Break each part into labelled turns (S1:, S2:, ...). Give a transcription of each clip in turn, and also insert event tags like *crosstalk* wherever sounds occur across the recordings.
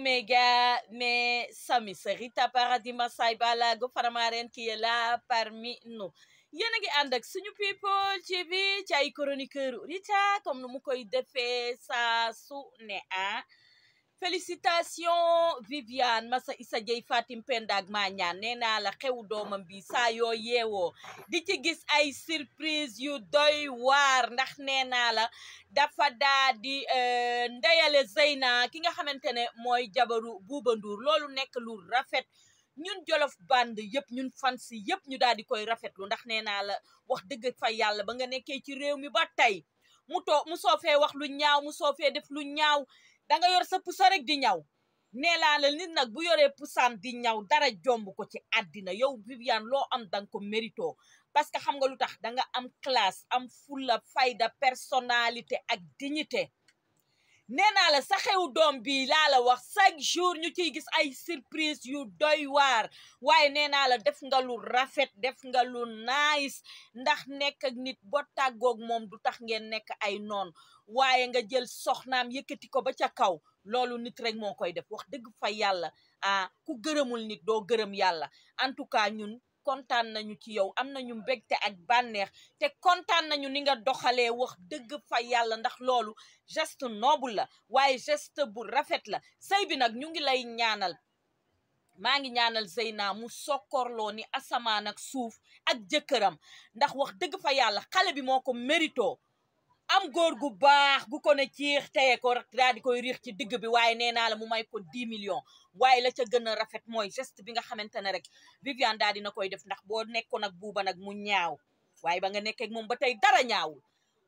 S1: Omega, mais sa miserita Paradis Masai Bala go Faramaren qui la là parmi nous. yéen a ngi ànd ak suñu people TV ci ay chroniqueur Rita comme nu mu koy defee saa su ne ah. félicitations Viviane Massa Issa Dieye Fatim Pendag Mañaan nee naa la xew doomam bi saa yoo yeewoo di ci gis ay surprise yu doy waar ndax nee naa la dafa daa di euh, ndeyale Zeyna ki nga xamante ne mooy jabaru Bouba Ndour loolu nekk lu rafet ñun jolof band yëpp ñun fans yëpp ñu daal di koy rafetlu ndax nee naa la wax dëgg fa yàlla ba nga nekkee ci réew mi ba tey mu too mu soofee wax lu ñaaw mu soofee def lu ñaaw danga yor sa pusa rek di ñaw nee laa nit nag bu yoree pusaam di ñaw dara jomb ko ci àddina yow Viviane loo am danga ko mérito parce que xam nga lu tax danga am classe am fulla fayda personnalité ak dignité nee naa la sa xewu doom bi laa la wax chaque jour ñu ciy gis ay surprise yu doy waar waaye nee naa la def nga lu rafet def nga lu nice ndax nekk ak nit bo tàggoog moom du tax ngeen nekk ay noon waaye nga jël soxnaam yëkkati ko ba ca kaw loolu nit rek moo koy def wax dëgg fa yàlla ah ku gërëmul nit doo gërëm yàlla en tout cas ñun kontaan nañu ci yow am nañu mbégte ak bànneex te kontaan nañu ni nga doxalee wax dëgg fa yàlla ndax loolu geste noble la waaye geste bu rafet la say bi nag ñu ngi lay ñaanal maa ngi ñaanal Zeyna mu sokkorloo ni asamaan ak suuf ak jëkkëram ndax wax dëgg fa yàlla xale bi moo ko mérito am góor gu baax gu ko ne ciix teye ko daal di koy riix ci digg bi waaye nee naa la mu may ko 10 million waaye la ca gën a rafet mooy geste bi nga xamante ne rek Viviane daal dina koy def ndax boo nekkoon ak buuba nag mu ñaaw waaye ba nga nekkee moom ba tey dara ñaawul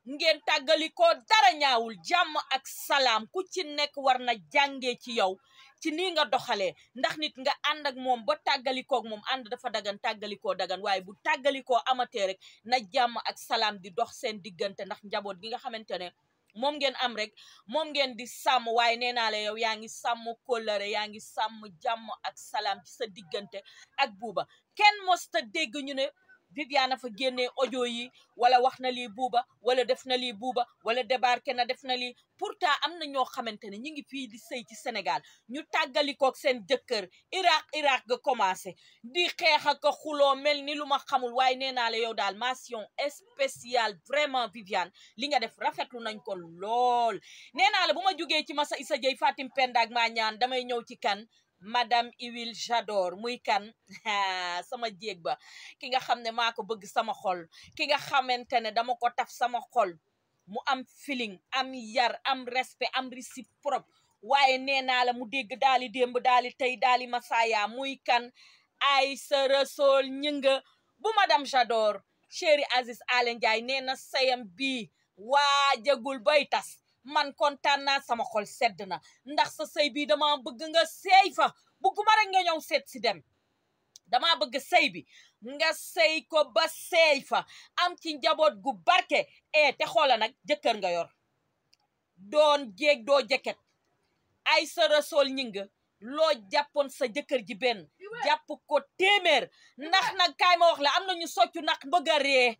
S1: ngeen tàggalikoo dara ñaawul jàmm ak salaam ku ci nekk war na jàngee ci yow ci nii nga doxalee ndax nit nga ànd ak moom ba tàggalikook moom ànd dafa dagan tàggalikoo dagan waaye bu tàggalikoo amatee rek na jàmm ak salaam di dox seen diggante ndax njaboot gi nga xamante ne moom ngeen am rek moom ngeen di sàmm waaye nee naa la yow yaa ngi sàmm kóllëre yaa ngi sàmm jàmm ak salaam ci sa diggante ak buuba kenn mosta dégg ñu ne Viviane fa génnee audio yi wala wax na lii buuba wala def na lii buuba wala débarqué na def na lii pourtant am na ñoo xamante ne ñu ngi fii di sëy ci Sénégal ñu tàggalikook seen jëkkër Irak Irak ga commencé di xeex ak xuloo mel ni lu ma xamul waaye nee naa la yow daal mention vraiment Viviane li nga def rafetlu nañ ko lool nee naa la bu ma jugee ci Massa Issa Dieye Fatim Pendag maa ñaan damay ñëw ci kan madame Iwil Jador muy kan *laughs* sama jéeg ba ki nga xam ne maa ko bëgg sama xol ki nga xamante ne dama ko taf sama xol mu am feeling am yar am respect am réciproque waaye nee naa la mu dégg daali démb daali tey daal daali masaya muy kan ay sa resool ñënga bu madame Jador chéri Aziz Alen Ndiaye nee na sayam bii waajagul bay tas man kontaan naa sama xol sedd na ndax sa sëy bi dama bëgg nga sëy fa bugguma rek nga ñëw seet si dem dama bëgg sëy bi nga sëy ko ba sëy fa am ci njaboot gu barke e te xoola nag jëkkër nga yor doon jéeg doo jëkket ay sa rasool ñi loo jàppoon sa jëkkër ji benn jàpp ko téeméer ndax nag kaay ma wax la am na ñu soccu nag bëgg a ree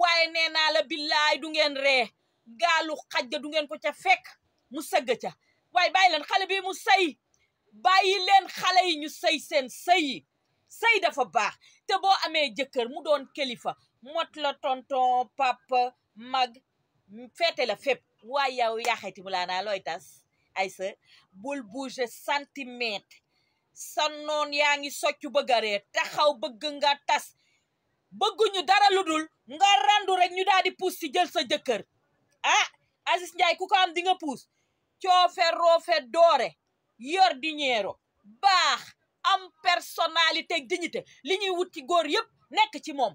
S1: waaye nee naa la billaay du ngeen ree gaalu xaj ga du ngeen ko ca fekk mu sëgg ca waaye bàyyi leen xale bi mu sëy bàyyi leen xale yi ñu sëy seen sëy yi sëy dafa baax te boo amee jëkkër mu doon kilifa mot la tonton papa mag feete la fépp waaye yow yaaxeeti mu laa naa looy tas ay sa bul bouger centimètre sa noon yaa ngi soccu bëgg a taxaw bëgg nga tas bëgguñu dara lu dul nga randu rek ñu daal di puus ci jël sa jëkkër a ah, Aziz Ndiaye ku ko am di puus coofe roofe doore yor diñeero baax am personnalité dignité li ñuy wut ci góor yëpp nekk ci moom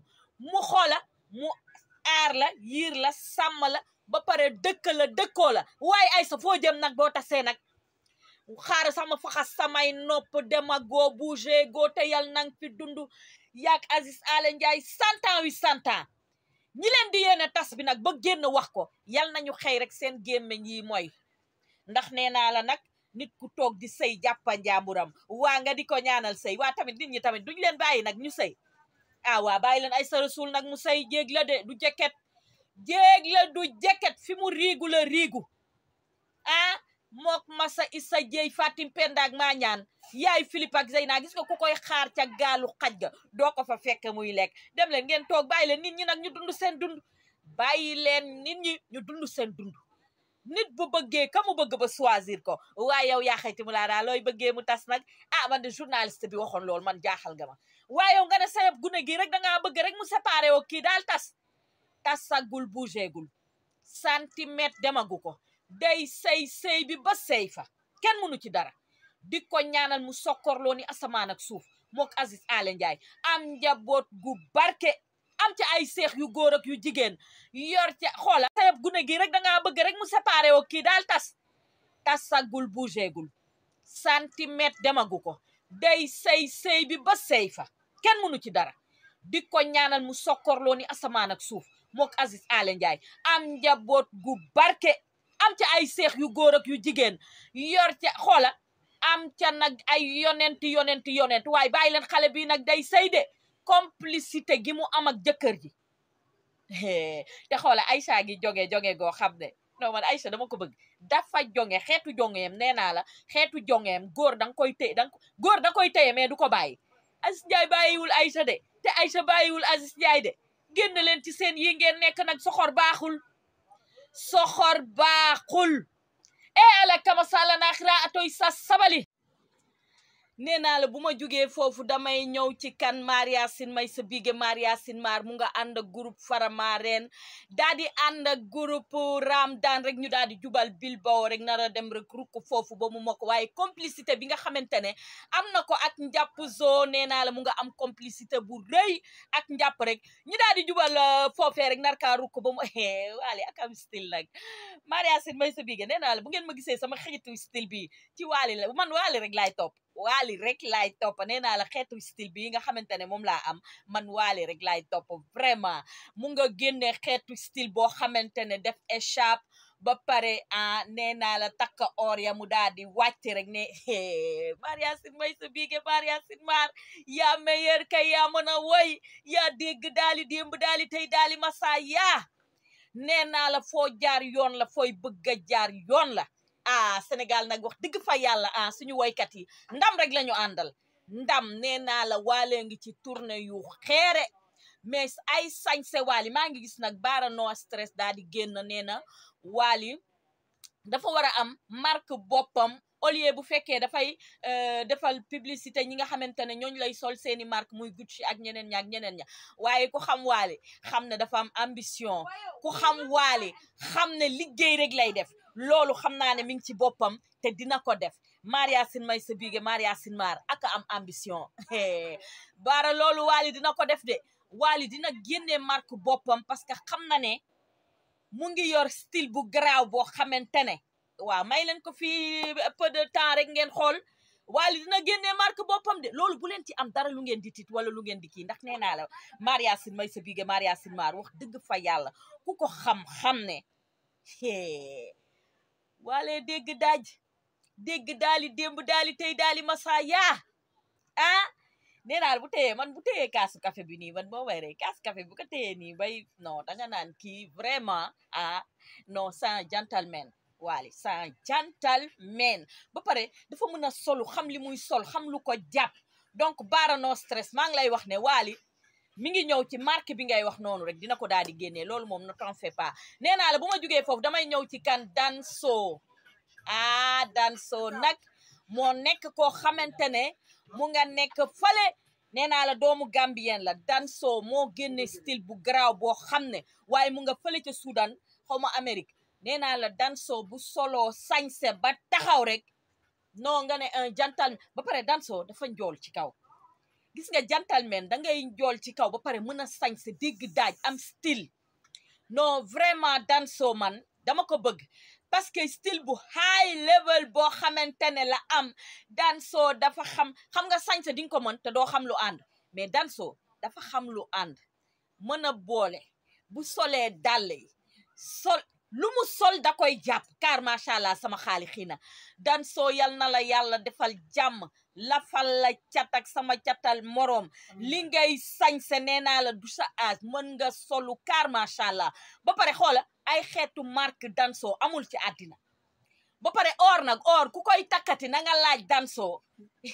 S1: moo xoola mu aar la yiir la sàmm la ba pare dëkk la dëkkoo la waaye ay sa foo jëm nag boo tasee nag xaar sama faxas samay nopp dem ak goo bougé goo te yal nang fi dund yaak Aziz Aly Ndiaye cent ans huit ñi leen di yéene tas bi nag ba génn wax ko yal ñu xëy rek seen gémmiñ yi mooy ndax nee naa la nag nit ku toog di sey jàppa njàmburam waa nga di ko ñaanal sey waa tamit nit ñi tamit duñ leen bàyyi nag ñu sëy ah waa bàyyi leen ay sa rasul nag mu sëy jéeg la de du jëkket jéeg la du jëkket fi mu riigu la riigu ah mook masa isa jéey fatim pendaak maa ñaan yaay Philippe ak naa gis nga ku koy xaar ca gaalu xaj ga doo ko fa fekk muy lekk dem leen ngeen toog bàyyi leen nit ñi nag ñu dund seen dund bàyyi leen nit ñi ñu dund seen dund nit bu bëggee ka mu bëgg ba choisir ko waaye yow yaa xayti mu laa daa looy bëggee mu tas nag a ah, man de journaliste bi waxoon lool man jaaxal ga ma waaye yow nga ne seleb gune gi rek dangaa bëgg rek mu séparé woo kii daal tas tasagul bougégul centimètre demagu ko day sëy sey bi ba sëy fa kenn mënu ci dara di ko ñaanal mu sokkorloo ni asamaan ak suuf mook Aziz Aly Ndiaye am njaboot gu barke am ci ay seex yu góor ak yu jigéen yor ci xoola sayab gune gi rek dangaa bëgg rek mu séparé woo kii daal tas tasagul bougégul centimètre demagu ko day sey sey bi ba sey fa kenn mënu ci dara di ko ñaanal mu sokkorloo ni asamaan ak suuf mook Aziz Aly Ndiaye am njaboot gu barke am ca ay seex yu góor ak yu jigéen yor ca xoola am ca nag ay yonent yonent yonent waaye bàyyi leen xale bi nag day sëy de complicité gi mu am ak jëkkër ji te xoola Aïcha gi joge joge goo xam ne non man dama ko bëgg dafa jonge xeetu jongeem nee naa la xeetu jongeem góor da koy téye da nga góor da koy téye mais du ko bàyyi Aziz Ndiaye bàyyiwul Aïcha de te Aïcha bàyyiwul Aziz Ndiaye de génn leen ci seen yi ngeen nekk nag soxor baaxul soxor baaxul e eh, ala kama sala naxira atoy sa sabali nee naa la bu ma jugee foofu damay ñëw ci kan Maria Sine may sa bige Maria Sine Mar mu nga ànd ak groupe Faramaren daa di ànd ak groupe Ramdan rek ñu daal di jubal Bilbao rek nar dem rek rukk foofu ba mu mokk waaye complicité bi nga xamante ne am na ko ak njàpp zoo nee naa la mu nga am complicité bu rëy ak njàpp rek ñu daal di jubal euh, foofe rek nar kaa rukk ba mu *laughs* waale ak a style nag Maria Sine may sa bige nee la bu ngeen ma gisee sama xaritu style bi ci waale la man waale rek laay topp waali rek laay topp nee naa la xeetu style bi nga xamante ne moom laa am man waali rek laay topp vraiment mu nga génne xeetu style boo xamante ne def échappe ba pare ah nee naa la takka or ya mu daal di wàcc rek ne Maria Sin may sa biige Maria Sin mar yaa meilleur kay yaa a woy ya dégg daali démb daali tey daali masa ya nee naa la foo jaar yoon la fooy bëgg a jaar yoon la ah Sénégal nag wax digg fa yàlla ah suñu woykat yi ndam rek lañu àndal ndam nee naa la waalee ngi ci tournée yu xeere mais ay sañse waali maa ngi gis nag baara no stress daal di génn nee na waali dafa war a am marque boppam au lieu bu fekkee dafay euh, defal publicité ñi nga xamante ne ñooñu lay sol seeni marque muy Gucci ak ñeneen ña ak ñeneen ña waaye ku xam waali xam ne dafa am ambition ku xam waali xam ne liggéey rek lay def loolu xam naa ne mi ngi ci boppam te dina ko def Maria Sin may biige Maria Sin maar ak am ambition *laughs* baara loolu Wally dina ko def de Wally dina génne mark boppam parce que xam na ne mu ngi yor style bu garaaw boo xamante ne waaw may leen ko fi peu de temps rek ngeen xool Wally dina génne marque boppam de loolu bu leen ci am dara lu ngeen di tit wala lu ngeen di kii ndax nee naa la Maria Sin may sa biige Maria Sin maar wax dëgg fa yàlla ku ko xam-xam ne waale dégg daaj dégg daali démb daali tey daali masa ya ah nee naa bu téyee man bu téyee kaasu café bi nii ban boo waree kaasu café bu ko téyee nii bay non danga naan kii vraiment ah non sans gentleman waale sans gentleman ba pare dafa mën a solu xam li muy sol xam ko jàpp donc baara no stress maa ngi lay wax ne waali mi ngi ñëw ci marque bi ngay wax noonu rek dina ko daal di génnee loolu moom ne t'en fais pas nee naa la bu ma jugee foofu damay ñëw ci kan Danso ah Danso nag moo nekk koo xamante ne mu nga nekk fale nee naa la doomu Gambien la Danso moo génne style bu garaaw boo xam ne waaye mu nga fële ca Soudan xaw ma Amérique nee naa la Danso bu solo sañse ba taxaw rek non nga ne un jantal ba pare Danso dafa njool ci kaw. gis nga gentleman da ngay njool ci kaw ba pare mën a sañ sa daaj am style non vraiment Danso man dama ko bëgg parce que style bu high level boo xamante ne la am Danso dafa xam xam nga sañ di nga ko mën te doo xam lu ànd mais Danso dafa xam lu ànd mën a boole bu solee dàll sol lu mu sol da koy jàpp car macha allah sama xaali xii na Danso yal na la yàlla defal jàmm lafal la cat ak sama catal moroom li ngay sañse nee naa la du sa âge mën nga solu kaar macha allah ba pare xoola ay xeetu marque danso amul ci àddina ba pare or nag or ku koy takkati na laaj danso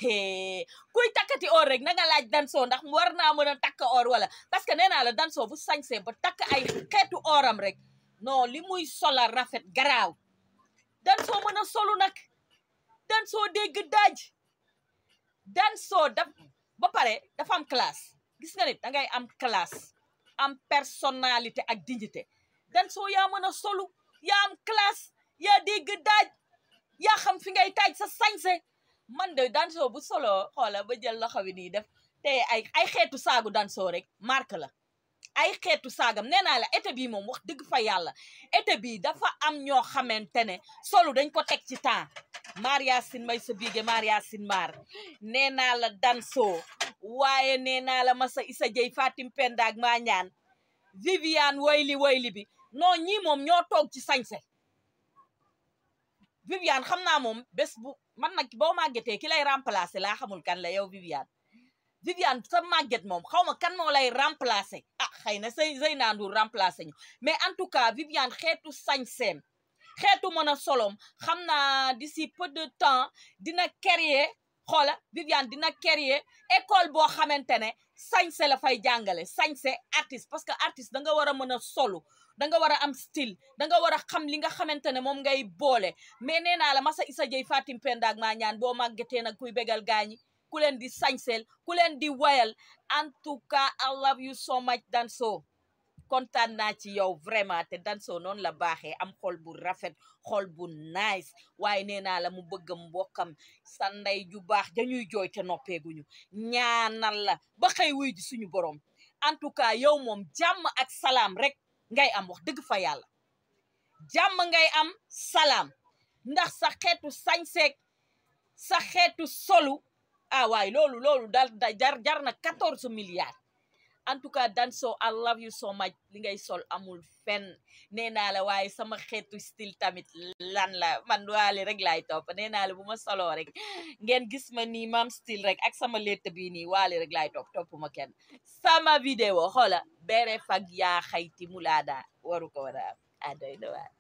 S1: *laughs* kuy takkati or rek na nga laaj danso ndax war naa mën a takk or wala parce que nee naa la danso bu sañsee ba takk ay xeetu oram rek no li muy sola rafet garaaw dansoo mën a solu nag dansoo dégg daaj dan soo daf ba pare dafa am classe gis nga nit da ngay am classe am personnalité ak dignité dan soo yaa mën a solu yaa am classe yaa dégg daaj yaa xam fi ngay taaj sa sañse man de dansoo bu solo xoola ba jël loxo bi nii def te ay ay xeetu saagu dansoo rek marque la ay xeetu saagam nee naa la été bii moom wax dëgg fa yàlla été bii dafa am ñoo xamante ne solu dañ ko teg ci temps Maria Sin may sa biige Maria Sin Mar nee naa la Danso waaye nee naa la Massa Issa Dieye Fatim Penda ak maa ñaan Viviane wayli wayli bi non ñii moom ñoo toog ci sañse Viviane xam naa moom bés bu man nag boo màggetee ki lay remplacer laa xamul kan la yow Viviane Viviane sa màgget moom xaw ma kan moo lay remplacer ah xëy na say Zeyna Ndour remplacer ñu mais en tout cas Viviane xeetu sañseem xeetu mën a solom xam naa d'ici peu de temps dina créer xoola Viviane dina créer école boo xamante ne sañse la fay jàngale sañse artiste parce que artiste da nga war a mën a solu da nga war a am style da nga war a xam li nga xamante ne moom ngay boole mais nee naa la Massa Issa Dieye Fatim Penda ak maa ñaan boo màggetee nag kuy bégal gaañi ku leen di sañsel ku leen di wayal en tout cas I love you so much dan so kontaan naa ci yow vraiment te Danso noonu la baaxee am xol bu rafet xol bu nice waaye nee naa la mu bëgg mbokkam sa ndey ju baax dañuy jooy te noppeeguñu ñaanal la ba xëy wuy ji suñu borom en tout cas yow moom jàmm ak salaam rek ngay am wax dëgg fa yàlla jàmm ngay am salaam ndax sa xeetu sañseek sa xeetu solu ah waaye loolu loolu dal jar jar na quatorze milliards en tout cas Danso I love you so much li ngay sol amul fenn nee naa la waaye sama xeetu style tamit lan la man waale rek laay topp nee naa la bu ma soloo rek ngeen gis ma ni maam style rek ak sama létt bii ni waale rek laay topp topp ma kenn saama vidéo xoola bere fag yaa xayti mulaada waru ko war a adoy na waar